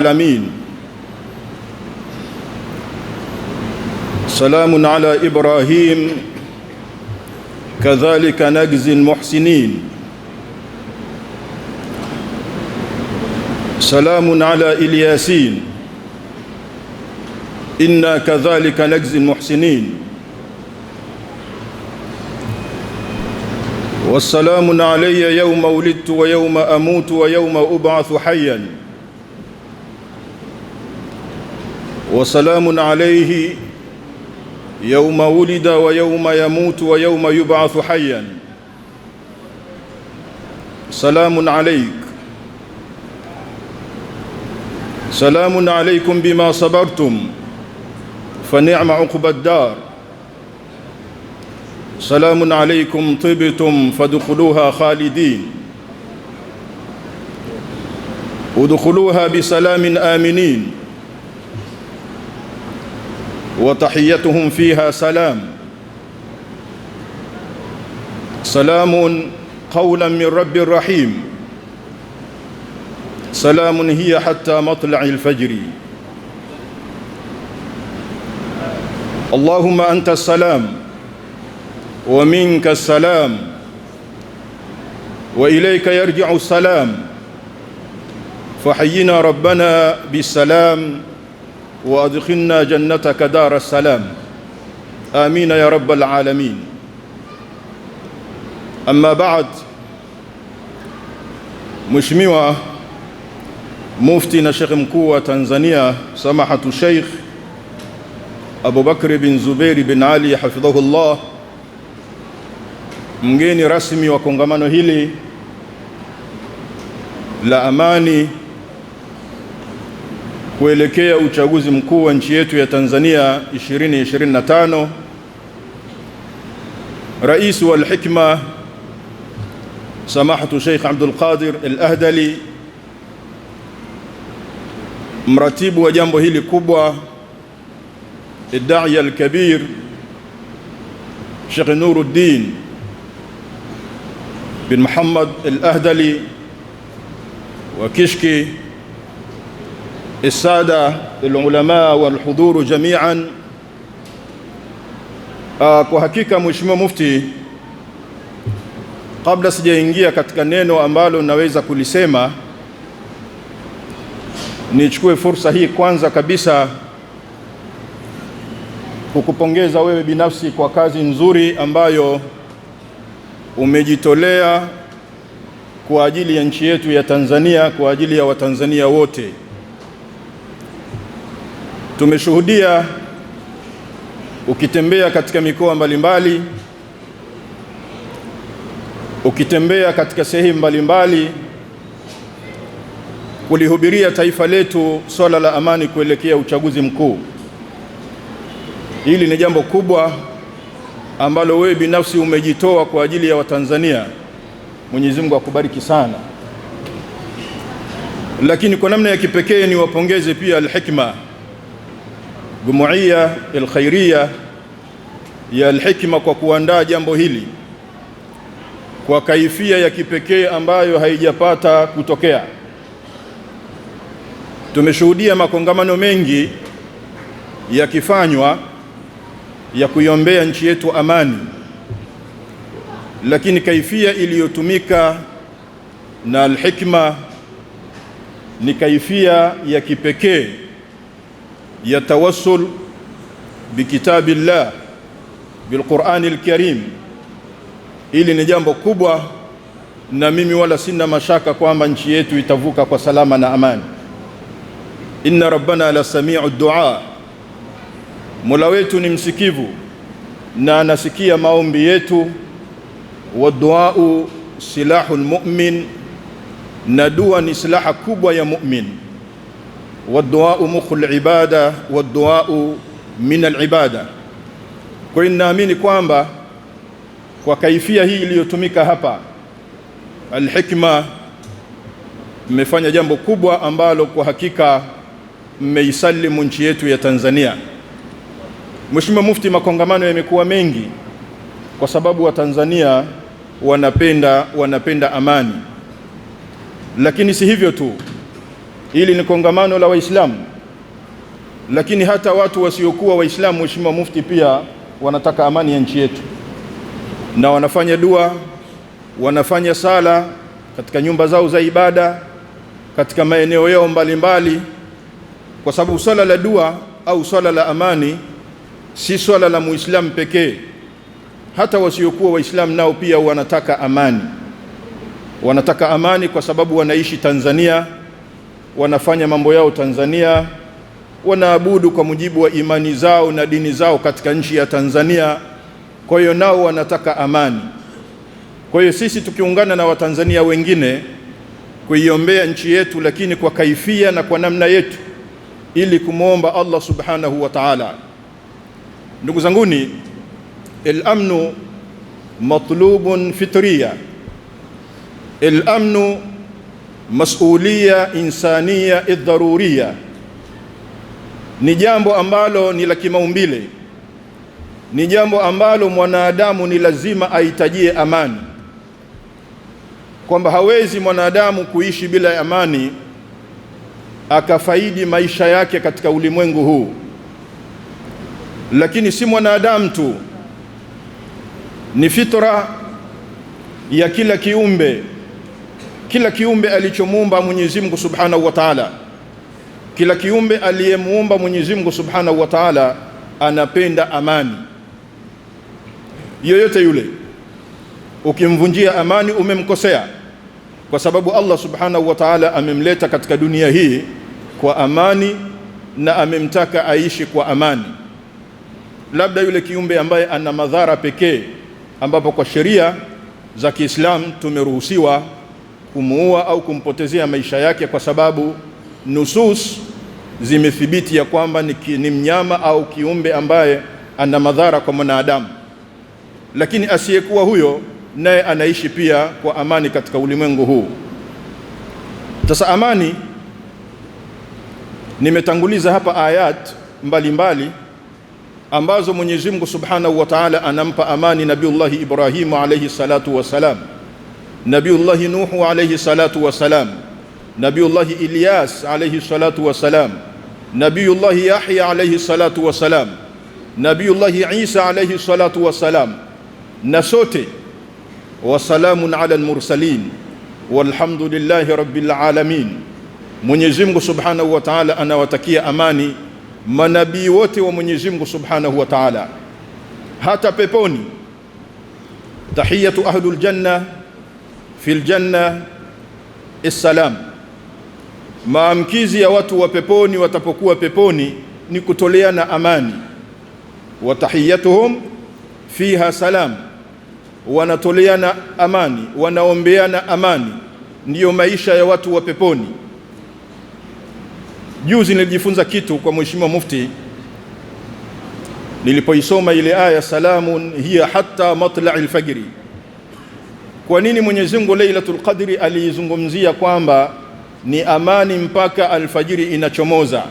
العالمين سلام على إبراهيم كذلك نجزي المحسنين سلام على إلياسين إنا كذلك نجزي المحسنين والسلام علي يوم ولدت ويوم أموت ويوم أبعث حياً وسلام عليه يوم ولد ويوم يموت ويوم يبعث حيا سلام عليك سلام عليكم بما صبرتم فنعم عقبى الدار سلام عليكم طبتم فادخلوها خالدين ادخلوها بسلام آمنين وتحيتهم فيها سلام سلام قولا من رب رحيم سلام هي حتى مطلع الفجر اللهم أنت السلام ومنك السلام وإليك يرجع السلام فحينا ربنا بالسلام وأدخلنا جنتك دار السلام آمين يا رب العالمين أما بعد Mheshimiwa Mufti na Sheikh Mkuu wa Tanzania Samahatu Sheikh Abubakri bin Zubeiri bin Ali hafidhahullah, mgeni rasmi wa kongamano hili la amani kuelekea uchaguzi mkuu wa nchi yetu ya Tanzania 2025, Rais wa hikma Samahatu Sheikh Abdul Qadir Al-Ahdali, mratibu wa jambo hili kubwa, ad Al-Kabir Sheikh Nuruddin bin Muhammad Al-Ahdali wa Kishki السادة العلماء jamian. Uh, kwa hakika Mheshimiwa Mufti, kabla sijaingia katika neno ambalo naweza kulisema, nichukue fursa hii kwanza kabisa kukupongeza wewe binafsi kwa kazi nzuri ambayo umejitolea kwa ajili ya nchi yetu ya Tanzania, kwa ajili ya Watanzania wote. Tumeshuhudia ukitembea katika mikoa mbalimbali, ukitembea katika sehemu mbalimbali kulihubiria taifa letu swala la amani kuelekea uchaguzi mkuu. Hili ni jambo kubwa ambalo wewe binafsi umejitoa kwa ajili ya Watanzania. Mwenyezi Mungu akubariki sana. Lakini kwa namna ya kipekee niwapongeze pia Al-Hikma jumuiya alkhairia ya Alhikma kwa kuandaa jambo hili kwa kaifia ya kipekee ambayo haijapata kutokea. Tumeshuhudia makongamano mengi yakifanywa ya kuiombea nchi yetu amani, lakini kaifia iliyotumika na Alhikma ni kaifia ya kipekee ya tawassul bikitabillah bilqurani alkarim. ili ni jambo kubwa, na mimi wala sina mashaka kwamba nchi yetu itavuka kwa salama na amani. Inna rabbana la samiu duaa, mola wetu ni msikivu na anasikia maombi yetu. Wa duau silahu lmumin, na dua ni silaha kubwa ya mumin wadduau mukhul libada wadduau min alibada. Kwa hiyo ninaamini kwamba kwa kaifia hii iliyotumika hapa alhikma, mmefanya jambo kubwa ambalo kwa hakika mmeisalimu nchi yetu ya Tanzania. Mheshimiwa Mufti, makongamano yamekuwa mengi kwa sababu Watanzania wanapenda, wanapenda amani, lakini si hivyo tu Hili ni kongamano la Waislamu, lakini hata watu wasiokuwa Waislamu, Mheshimiwa Mufti, pia wanataka amani ya nchi yetu, na wanafanya dua, wanafanya sala katika nyumba zao za ibada, katika maeneo yao mbalimbali mbali, kwa sababu swala la dua au swala la amani si swala la muislamu pekee. Hata wasiokuwa waislamu nao pia wanataka amani, wanataka amani kwa sababu wanaishi Tanzania wanafanya mambo yao Tanzania, wanaabudu kwa mujibu wa imani zao na dini zao katika nchi ya Tanzania. Kwa hiyo nao wanataka amani. Kwa hiyo sisi tukiungana na Watanzania wengine kuiombea nchi yetu, lakini kwa kaifia na kwa namna yetu, ili kumwomba Allah subhanahu wa ta'ala. Ndugu zanguni, al-amnu matlubun fitriya, al-amnu masulia insania idharuria ni jambo ambalo ni la kimaumbile, ni jambo ambalo mwanadamu ni lazima ahitajie amani, kwamba hawezi mwanadamu kuishi bila amani akafaidi maisha yake katika ulimwengu huu. Lakini si mwanadamu tu, ni fitra ya kila kiumbe kila kiumbe alichomuumba Mwenyezi Mungu Subhanahu wa Ta'ala, kila kiumbe aliyemuumba Mwenyezi Mungu Subhanahu wa Ta'ala anapenda amani. Yoyote yule ukimvunjia amani umemkosea, kwa sababu Allah Subhanahu wa Ta'ala amemleta katika dunia hii kwa amani na amemtaka aishi kwa amani. Labda yule kiumbe ambaye ana madhara pekee, ambapo kwa sheria za Kiislamu tumeruhusiwa kumuua au kumpotezea maisha yake, kwa sababu nusus zimethibiti ya kwamba ni, ni mnyama au kiumbe ambaye ana madhara kwa mwanadamu, lakini asiyekuwa huyo naye anaishi pia kwa amani katika ulimwengu huu. Sasa amani, nimetanguliza hapa ayat mbalimbali mbali, ambazo Mwenyezi Mungu Subhanahu wa Ta'ala anampa amani Nabiullahi Ibrahimu alayhi salatu wassalam. نبي الله نوح عليه الصلاة والسلام نبي الله إلياس عليه الصلاة والسلام نبي الله يحيى عليه الصلاة والسلام نبي الله عيسى عليه الصلاة والسلام نسوتي وسلام على المرسلين والحمد لله رب العالمين من Mungu سبحانه وتعالى أنا وتكي أماني ما نبي وتي ومن Mungu سبحانه وتعالى هاتا بيبوني تحية أهل الجنة fi ljanna assalam, maamkizi ya watu wa peponi watapokuwa peponi ni kutoleana amani. Wa tahiyatuhum fiha salam, wanatoleana amani, wanaombeana amani. Ndiyo maisha ya watu wa peponi. Juzi nilijifunza kitu kwa Mheshimiwa Mufti nilipoisoma ile aya, salamun hiya hatta matla'il fajri kwa nini Mwenyezi Mungu Lailatul Qadri aliizungumzia kwamba ni amani mpaka alfajiri inachomoza?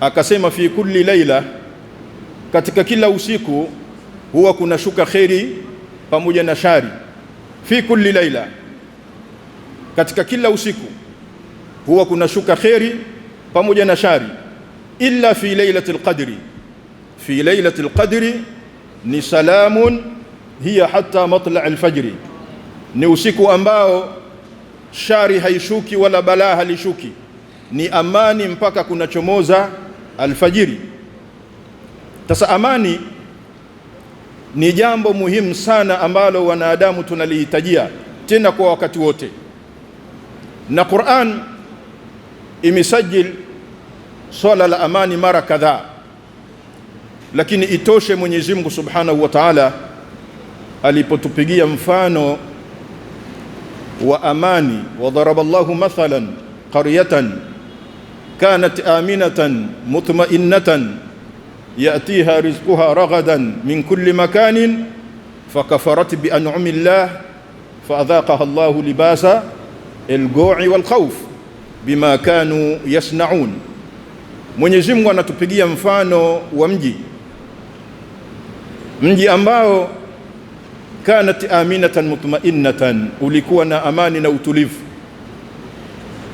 Akasema fi kulli laila, katika kila usiku huwa kuna shuka kheri pamoja na shari. Fi kulli laila, katika kila usiku huwa kuna shuka kheri pamoja na shari, illa fi lailatul qadri. Fi lailatul qadri ni salamun hiya hatta matla' alfajri ni usiku ambao shari haishuki wala balaa halishuki, ni amani mpaka kunachomoza alfajiri. Sasa amani ni jambo muhimu sana ambalo wanadamu tunalihitajia tena kwa wakati wote, na Qur'an imesajili swala la amani mara kadhaa, lakini itoshe Mwenyezi Mungu Subhanahu wa Ta'ala alipotupigia mfano وأماني وضرب الله مثلا قرية كانت آمنة مطمئنة يأتيها رزقها رغدا من كل مكان فكفرت بأنعم الله فأذاقها الله لباس الجوع والخوف بما كانوا يصنعون من يزمون anatupigia mfano wa mji mji kanat aminatan mutmainnatan, ulikuwa na amani na utulivu.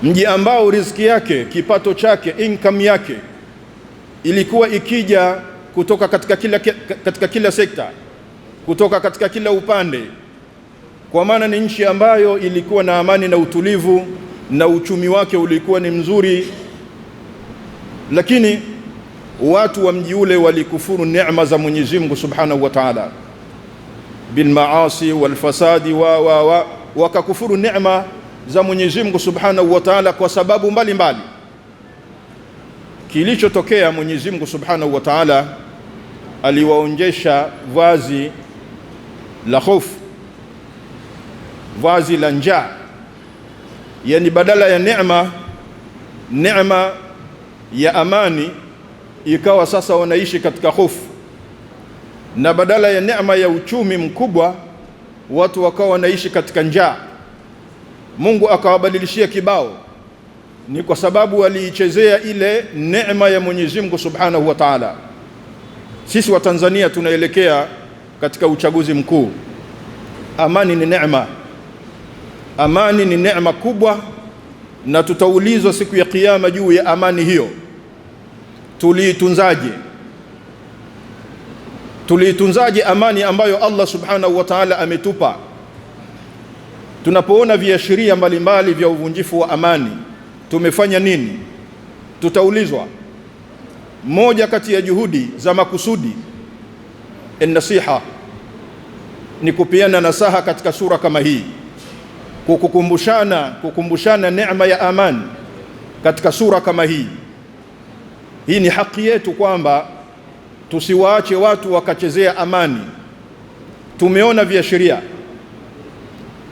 Mji ambao riziki yake, kipato chake, income yake ilikuwa ikija kutoka katika kila, katika kila sekta, kutoka katika kila upande, kwa maana ni nchi ambayo ilikuwa na amani na utulivu na uchumi wake ulikuwa ni mzuri, lakini watu wa mji ule walikufuru neema za Mwenyezi Mungu Subhanahu wa Ta'ala bilmaasi walfasadi wa, wa, wa, wakakufuru neema za Mwenyezi Mungu Subhanahu wa Ta'ala kwa sababu mbalimbali. Kilichotokea, Mwenyezi Mungu Subhanahu wa Ta'ala aliwaonjesha vazi la hofu, vazi la njaa, yani badala ya neema, neema ya amani ikawa sasa wanaishi katika hofu na badala ya neema ya uchumi mkubwa watu wakawa wanaishi katika njaa. Mungu akawabadilishia kibao, ni kwa sababu waliichezea ile neema ya Mwenyezi Mungu Subhanahu wa Ta'ala. Sisi wa Tanzania tunaelekea katika uchaguzi mkuu. Amani ni neema, amani ni neema kubwa, na tutaulizwa siku ya Kiyama juu ya amani hiyo, tuliitunzaje? Tuliitunzaje amani ambayo Allah subhanahu wa ta'ala ametupa? Tunapoona viashiria mbalimbali vya uvunjifu wa amani tumefanya nini? Tutaulizwa. Moja kati ya juhudi za makusudi nasiha ni kupiana nasaha katika sura kama hii, kukukumbushana kukumbushana neema ya amani katika sura kama hii. Hii ni haki yetu kwamba Tusiwaache watu wakachezea amani. Tumeona viashiria,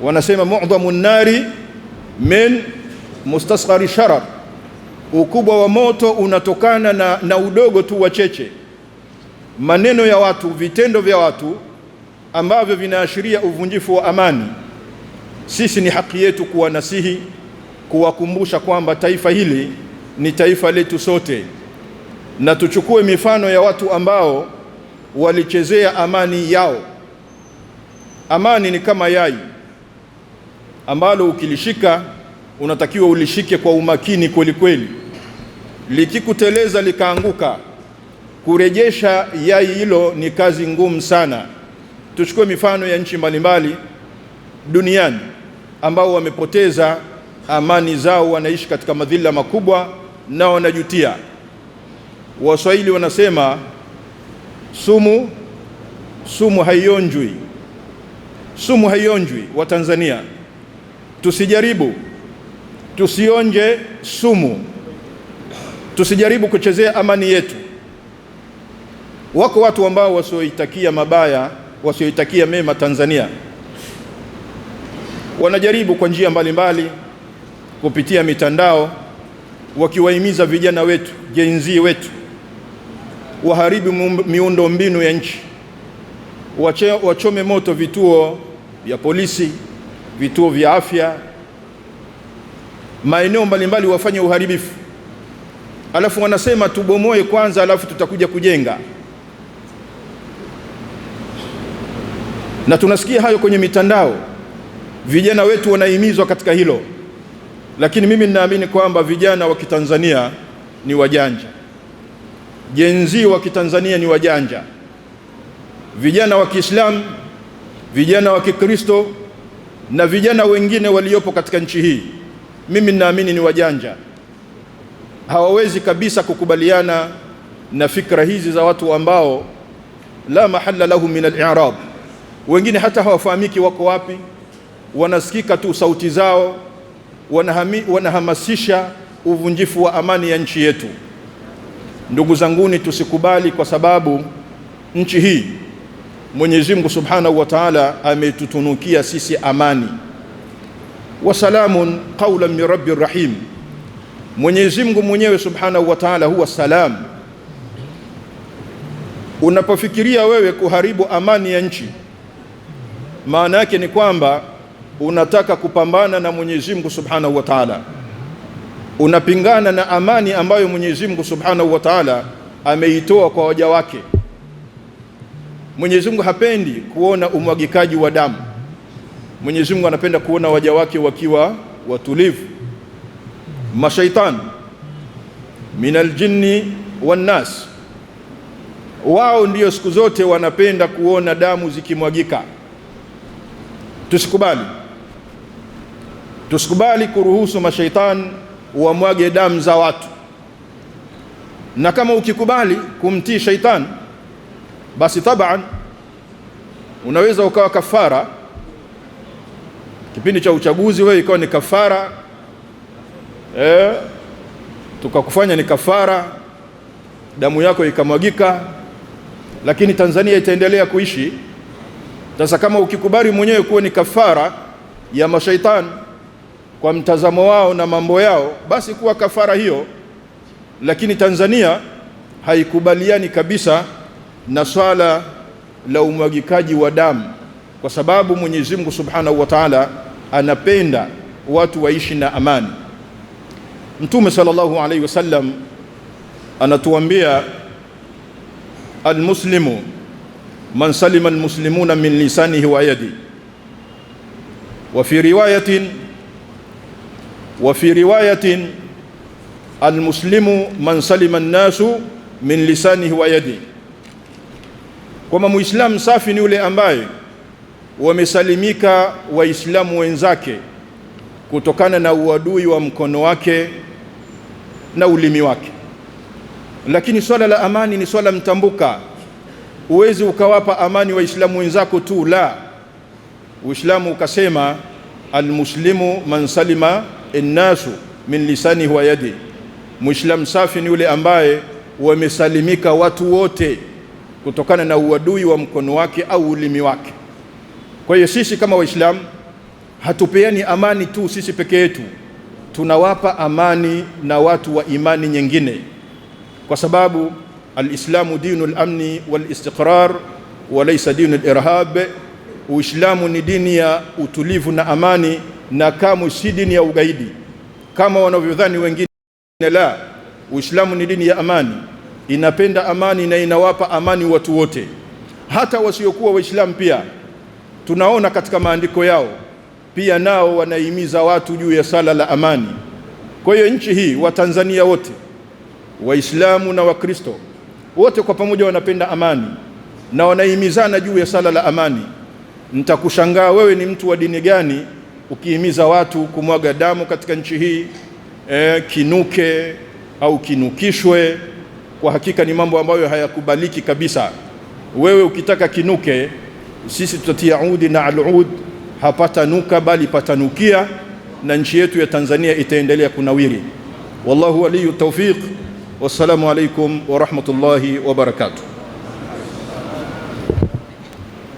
wanasema mudhamu nari min mustasghari sharar, ukubwa wa moto unatokana na, na udogo tu wa cheche. Maneno ya watu, vitendo vya watu ambavyo vinaashiria uvunjifu wa amani. Sisi ni haki yetu kuwanasihi, kuwakumbusha kwamba taifa hili ni taifa letu sote na tuchukue mifano ya watu ambao walichezea amani yao. Amani ni kama yai ambalo ukilishika unatakiwa ulishike kwa umakini kweli kweli, likikuteleza likaanguka, kurejesha yai hilo ni kazi ngumu sana. Tuchukue mifano ya nchi mbalimbali duniani ambao wamepoteza amani zao, wanaishi katika madhila makubwa na wanajutia. Waswahili wanasema sumu sumu haionjwi, sumu haionjwi. Wa Tanzania tusijaribu, tusionje sumu, tusijaribu kuchezea amani yetu. Wako watu ambao wasioitakia mabaya, wasioitakia mema Tanzania, wanajaribu kwa njia mbalimbali kupitia mitandao, wakiwahimiza vijana wetu, jenzi wetu waharibu miundo mbinu ya nchi, wachome moto vituo vya polisi, vituo vya afya, maeneo mbalimbali, wafanye uharibifu, alafu wanasema tubomoe kwanza, alafu tutakuja kujenga. Na tunasikia hayo kwenye mitandao, vijana wetu wanahimizwa katika hilo, lakini mimi ninaamini kwamba vijana wa Kitanzania ni wajanja jenzi wa Kitanzania ni wajanja, vijana wa Kiislamu, vijana wa Kikristo na vijana wengine waliopo katika nchi hii, mimi ninaamini ni wajanja, hawawezi kabisa kukubaliana na fikra hizi za watu ambao la mahalla lahum min al-i'rab. Wengine hata hawafahamiki wako wapi, wanasikika tu sauti zao, wanahamasisha uvunjifu wa amani ya nchi yetu. Ndugu zanguni, tusikubali kwa sababu nchi hii Mwenyezi Mungu Subhanahu wa Ta'ala ametutunukia sisi amani. Wasalamun qawlan min rabbir rahim, Mwenyezi Mungu mwenyewe Subhanahu wa Ta'ala huwa salam. Unapofikiria wewe kuharibu amani ya nchi, maana yake ni kwamba unataka kupambana na Mwenyezi Mungu Subhanahu wa Ta'ala unapingana na amani ambayo Mwenyezi Mungu Subhanahu wa Ta'ala ameitoa kwa waja wake. Mwenyezi Mungu hapendi kuona umwagikaji wa damu. Mwenyezi Mungu anapenda kuona waja wake wakiwa watulivu. mashaitani minal jinni wan nas, wao ndio siku zote wanapenda kuona damu zikimwagika. Tusikubali, tusikubali kuruhusu mashaitani uamwage damu za watu, na kama ukikubali kumtii shaitani, basi taban unaweza ukawa kafara kipindi cha uchaguzi, wewe ikawa ni kafara e, tukakufanya ni kafara, damu yako ikamwagika, lakini Tanzania itaendelea kuishi. Sasa kama ukikubali mwenyewe kuwa ni kafara ya mashaitani kwa mtazamo wao na mambo yao, basi kuwa kafara hiyo. Lakini Tanzania haikubaliani kabisa na swala la umwagikaji wa damu, kwa sababu Mwenyezi Mungu Subhanahu wa Ta'ala anapenda watu waishi na amani. Mtume sallallahu alaihi wasallam anatuambia almuslimu man salima almuslimuna min lisanihi wa yadi wa fi riwayatin wa fi riwayatin almuslimu man salima nnasu min lisanihi wa yadi, kwamba muislamu safi ni yule ambaye wamesalimika waislamu wenzake kutokana na uadui wa mkono wake na ulimi wake. Lakini swala la amani ni swala mtambuka, huwezi ukawapa amani waislamu wenzako tu, la Uislamu ukasema almuslimu man salima innasu min lisanihi wa yadi. Muislamu safi ni yule ambaye wamesalimika watu wote kutokana na uadui wa mkono wake au ulimi wake. Kwa hiyo sisi kama Waislamu hatupeani amani tu sisi peke yetu, tunawapa amani na watu wa imani nyingine, kwa sababu alislamu dinu lamni walistiqrar walaysa dinu lirhab, Uislamu ni dini ya utulivu na amani na kamu si dini ya ugaidi kama wanavyodhani wengine. La, Uislamu ni dini ya amani, inapenda amani na inawapa amani watu wote, hata wasiokuwa Waislamu pia. Tunaona katika maandiko yao pia, nao wanahimiza watu juu ya sala la amani. Kwa hiyo nchi hii, Watanzania wote Waislamu na Wakristo wote kwa pamoja wanapenda amani na wanahimizana juu ya sala la amani. Nitakushangaa wewe ni mtu wa dini gani ukihimiza watu kumwaga damu katika nchi hii e, kinuke au kinukishwe, kwa hakika ni mambo ambayo hayakubaliki kabisa. Wewe ukitaka kinuke, sisi tutatia udi na alud, nuka bali patanukia, na nchi yetu ya Tanzania itaendelea kunawiri. Wallahu waliyu tawfiq. Wassalamu alaikum wa rahmatullahi wa barakatuh.